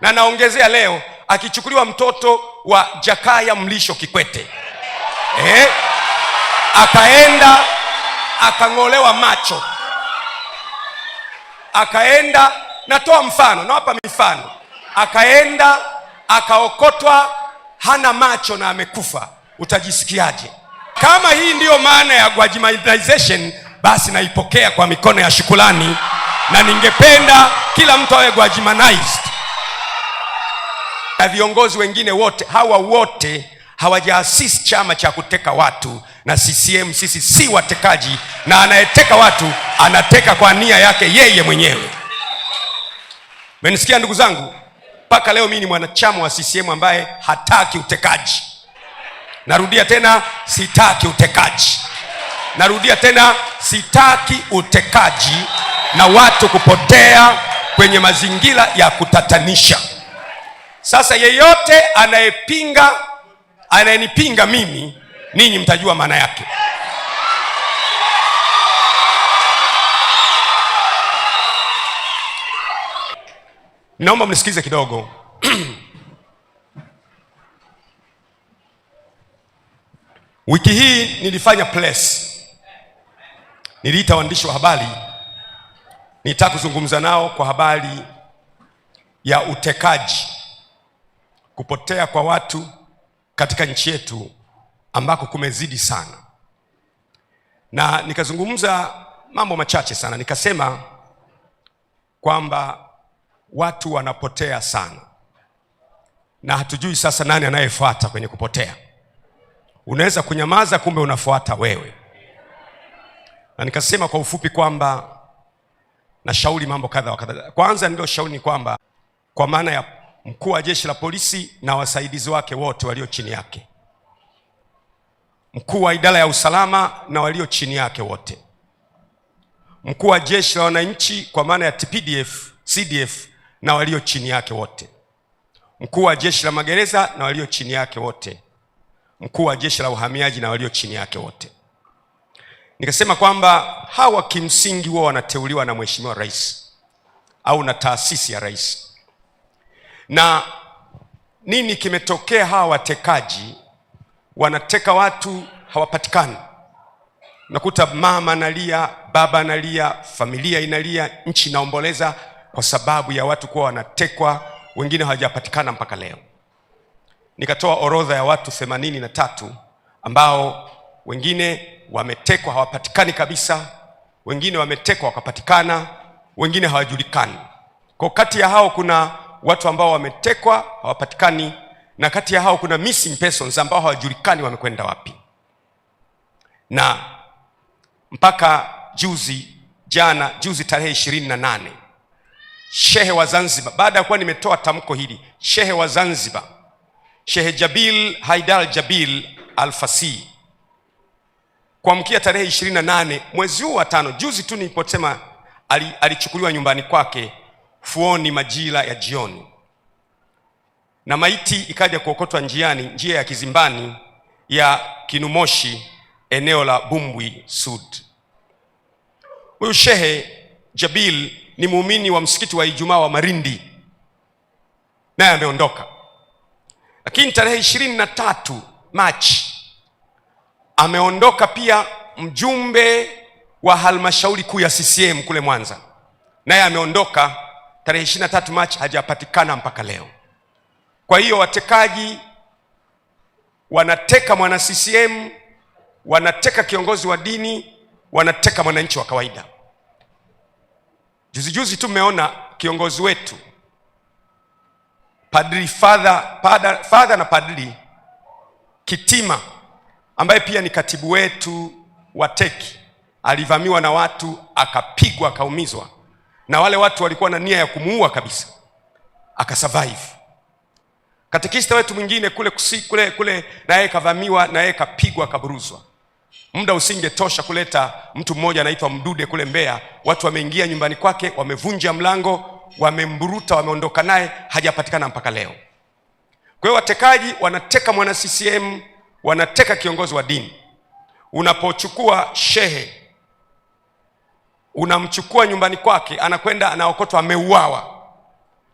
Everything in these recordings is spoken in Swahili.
na naongezea leo akichukuliwa mtoto wa Jakaya Mlisho Kikwete eh, akaenda akang'olewa macho, akaenda, natoa mfano, nawapa mifano, akaenda akaokotwa hana macho na amekufa, utajisikiaje? Kama hii ndiyo maana ya Gwajimaization, basi naipokea kwa mikono ya shukulani na ningependa kila mtu awe Gwajimanized na viongozi wengine wote hawa wote hawajaasisi chama cha kuteka watu, na CCM sisi si watekaji, na anayeteka watu anateka kwa nia yake yeye mwenyewe. Menisikia ndugu zangu, mpaka leo mimi ni mwanachama wa CCM ambaye hataki utekaji. Narudia tena, sitaki utekaji. Narudia tena, sitaki utekaji na watu kupotea kwenye mazingira ya kutatanisha. Sasa yeyote anayepinga, anayenipinga mimi, ninyi mtajua maana yake. Naomba mnisikize kidogo. Wiki hii nilifanya press, niliita waandishi wa habari, nitaka kuzungumza nao kwa habari ya utekaji kupotea kwa watu katika nchi yetu ambako kumezidi sana, na nikazungumza mambo machache sana, nikasema kwamba watu wanapotea sana na hatujui sasa nani anayefuata kwenye kupotea. Unaweza kunyamaza, kumbe unafuata wewe. Na nikasema kwa ufupi kwamba nashauri mambo kadha wa kadha. Kwanza nililoshauri ni kwamba kwa maana ya mkuu wa jeshi la polisi na wasaidizi wake wote walio chini yake, mkuu wa idara ya usalama na walio chini yake wote, mkuu wa jeshi la wananchi kwa maana ya TPDF, CDF na walio chini yake wote, mkuu wa jeshi la magereza na walio chini yake wote, mkuu wa jeshi la uhamiaji na walio chini yake wote. Nikasema kwamba hawa kimsingi huwa wanateuliwa na mheshimiwa rais au na taasisi ya rais na nini kimetokea? Hawa watekaji wanateka watu, hawapatikani. Unakuta mama analia, baba analia, familia inalia, nchi inaomboleza kwa sababu ya watu kuwa wanatekwa, wengine hawajapatikana mpaka leo. Nikatoa orodha ya watu themanini na tatu ambao wengine wametekwa hawapatikani kabisa, wengine wametekwa wakapatikana, wengine hawajulikani. Kwa kati ya hao kuna watu ambao wametekwa hawapatikani, na kati ya hao kuna missing persons ambao hawajulikani wamekwenda wapi. Na mpaka juzi jana, juzi tarehe ishirini na nane shehe wa Zanzibar, baada ya kuwa nimetoa tamko hili, shehe wa Zanzibar Shehe Jabil Haidar Jabil Alfasi kuamkia tarehe 28 mwezi huu wa tano, juzi tu nilipotema alichukuliwa nyumbani kwake fuoni majira ya jioni, na maiti ikaja kuokotwa njiani, njia ya Kizimbani ya Kinumoshi, eneo la Bumbwi Sud. Huyu Shehe Jabil ni muumini wa msikiti wa Ijumaa wa Marindi, naye ameondoka, lakini tarehe ishirini na tatu Machi ameondoka pia mjumbe wa halmashauri kuu ya CCM kule Mwanza, naye ameondoka tarehe 23 Machi hajapatikana mpaka leo. Kwa hiyo watekaji wanateka mwana CCM, wanateka kiongozi wa dini, wanateka mwananchi wa kawaida. Juzi juzi tu mmeona kiongozi wetu padri father, father, father na padri Kitima ambaye pia ni katibu wetu wa teki alivamiwa na watu akapigwa akaumizwa na wale watu walikuwa na nia ya kumuua kabisa, akasurvive. katikista wetu mwingine kule kusi, kule kule naye kavamiwa, yeye kapigwa, kaburuzwa. Muda usingetosha kuleta mtu mmoja anaitwa Mdude kule Mbeya, watu wameingia nyumbani kwake, wamevunja mlango, wamemburuta, wameondoka naye, hajapatikana mpaka leo. Kwa hiyo watekaji wanateka mwana CCM, wanateka kiongozi wa dini. Unapochukua shehe unamchukua nyumbani kwake, anakwenda anaokotwa, ameuawa.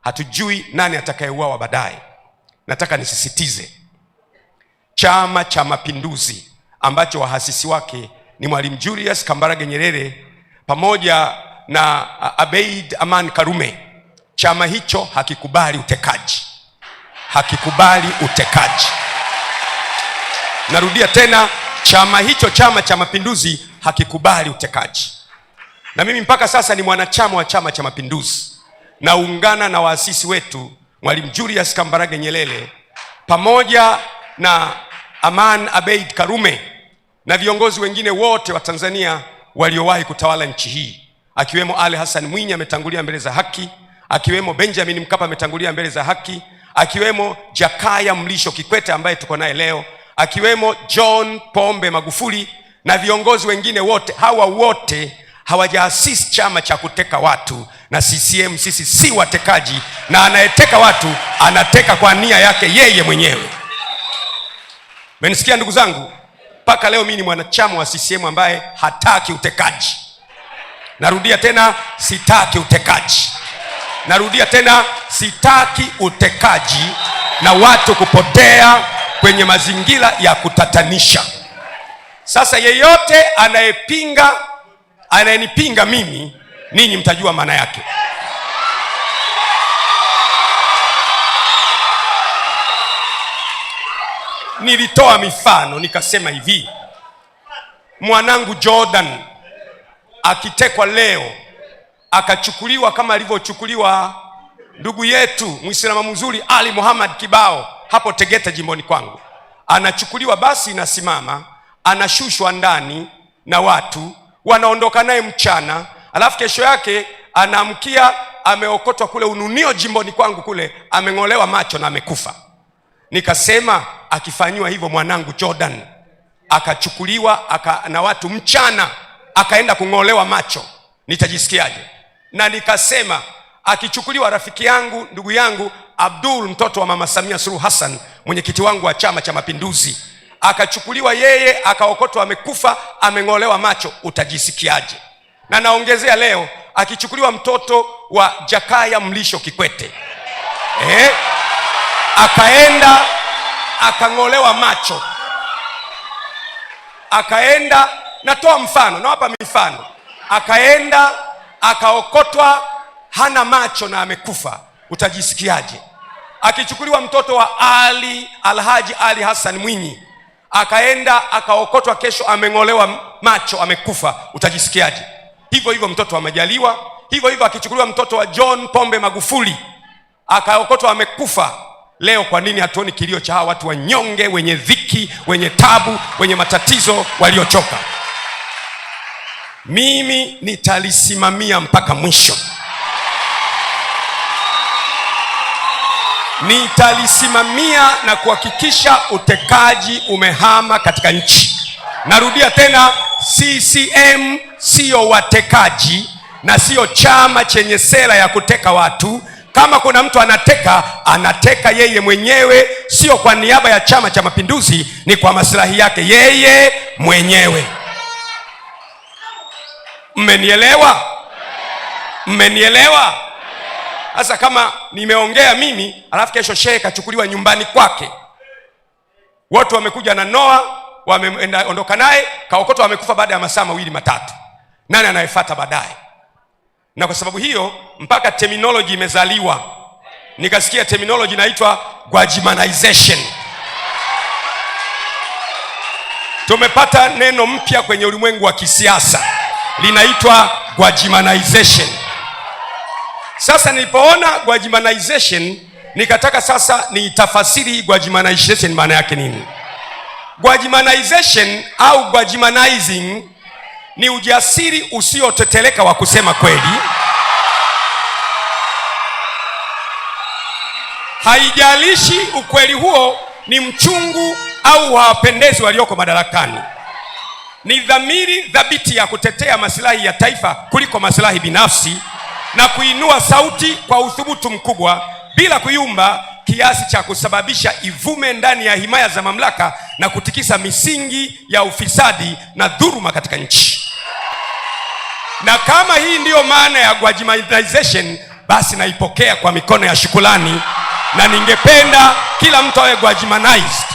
Hatujui nani atakayeuawa baadaye. Nataka nisisitize, Chama cha Mapinduzi ambacho wahasisi wake ni Mwalimu Julius Kambarage Nyerere pamoja na Abeid Aman Karume, chama hicho hakikubali utekaji, hakikubali utekaji. Narudia tena, chama hicho, Chama cha Mapinduzi, hakikubali utekaji na mimi mpaka sasa ni mwanachama wa Chama cha Mapinduzi, naungana na waasisi wetu Mwalimu Julius Kambarage Nyerere pamoja na Aman Abeid Karume na viongozi wengine wote wa Tanzania waliowahi kutawala nchi hii akiwemo Ali Hassan Mwinyi ametangulia mbele za haki, akiwemo Benjamin Mkapa ametangulia mbele za haki, akiwemo Jakaya Mlisho Kikwete ambaye tuko naye leo, akiwemo John Pombe Magufuli na viongozi wengine wote. Hawa wote hawajaasisi chama cha kuteka watu, na CCM sisi si watekaji, na anayeteka watu anateka kwa nia yake yeye mwenyewe. Menisikia ndugu zangu, mpaka leo mimi ni mwanachama wa CCM ambaye hataki utekaji. Narudia tena, sitaki utekaji. Narudia tena, sitaki utekaji na watu kupotea kwenye mazingira ya kutatanisha. Sasa yeyote anayepinga anayenipinga mimi, ninyi mtajua maana yake. Nilitoa mifano nikasema hivi, mwanangu Jordan akitekwa leo akachukuliwa kama alivyochukuliwa ndugu yetu Muislamu mzuri Ali Muhammad Kibao hapo Tegeta, jimboni kwangu, anachukuliwa basi, inasimama anashushwa ndani na watu wanaondoka naye mchana, alafu kesho yake anaamkia ameokotwa kule Ununio, jimboni kwangu kule, ameng'olewa macho na amekufa. Nikasema akifanyiwa hivyo mwanangu Jordan akachukuliwa aka, na watu mchana akaenda kung'olewa macho nitajisikiaje? Na nikasema akichukuliwa rafiki yangu ndugu yangu Abdul mtoto wa mama Samia Suluhu Hassan mwenyekiti wangu wa Chama cha Mapinduzi akachukuliwa yeye akaokotwa, amekufa ameng'olewa macho, utajisikiaje? Na naongezea leo, akichukuliwa mtoto wa Jakaya Mlisho Kikwete eh, akaenda akang'olewa macho, akaenda, natoa mfano, nawapa mifano, akaenda akaokotwa, hana macho na amekufa, utajisikiaje? Akichukuliwa mtoto wa Ali Alhaji Ali hasan Mwinyi akaenda akaokotwa, kesho ameng'olewa macho, amekufa, utajisikiaje? Hivyo hivyo mtoto amejaliwa hivyo hivyo akichukuliwa mtoto wa John Pombe Magufuli akaokotwa, amekufa. Leo kwa nini hatuoni kilio cha hawa watu wanyonge, wenye dhiki, wenye tabu, wenye matatizo, waliochoka? Mimi nitalisimamia mpaka mwisho. nitalisimamia na kuhakikisha utekaji umehama katika nchi. Narudia tena, CCM siyo watekaji na siyo chama chenye sera ya kuteka watu. Kama kuna mtu anateka, anateka yeye mwenyewe, sio kwa niaba ya Chama cha Mapinduzi, ni kwa maslahi yake yeye mwenyewe. Mmenielewa? Mmenielewa? hasa kama nimeongea mimi alafu kesho shehe kachukuliwa nyumbani kwake, watu wamekuja na Noa wameenda ondoka naye kaokotwa, wamekufa baada ya masaa mawili matatu. Nani anayefuata baadaye? Na kwa sababu hiyo mpaka terminology imezaliwa, nikasikia terminology inaitwa Gwajimanization. Tumepata neno mpya kwenye ulimwengu wa kisiasa linaitwa Gwajimanization. Sasa nilipoona Gwajimanization nikataka sasa niitafasiri Gwajimanization maana yake nini? Gwajimanization au Gwajimanizing ni ujasiri usioteteleka wa kusema kweli. Haijalishi ukweli huo ni mchungu au hawapendezi walioko madarakani. Ni dhamiri thabiti ya kutetea maslahi ya taifa kuliko maslahi binafsi na kuinua sauti kwa uthubutu mkubwa bila kuyumba kiasi cha kusababisha ivume ndani ya himaya za mamlaka na kutikisa misingi ya ufisadi na dhuruma katika nchi. Na kama hii ndiyo maana ya Gwajimanization, basi naipokea kwa mikono ya shukulani na ningependa kila mtu awe Gwajimanized.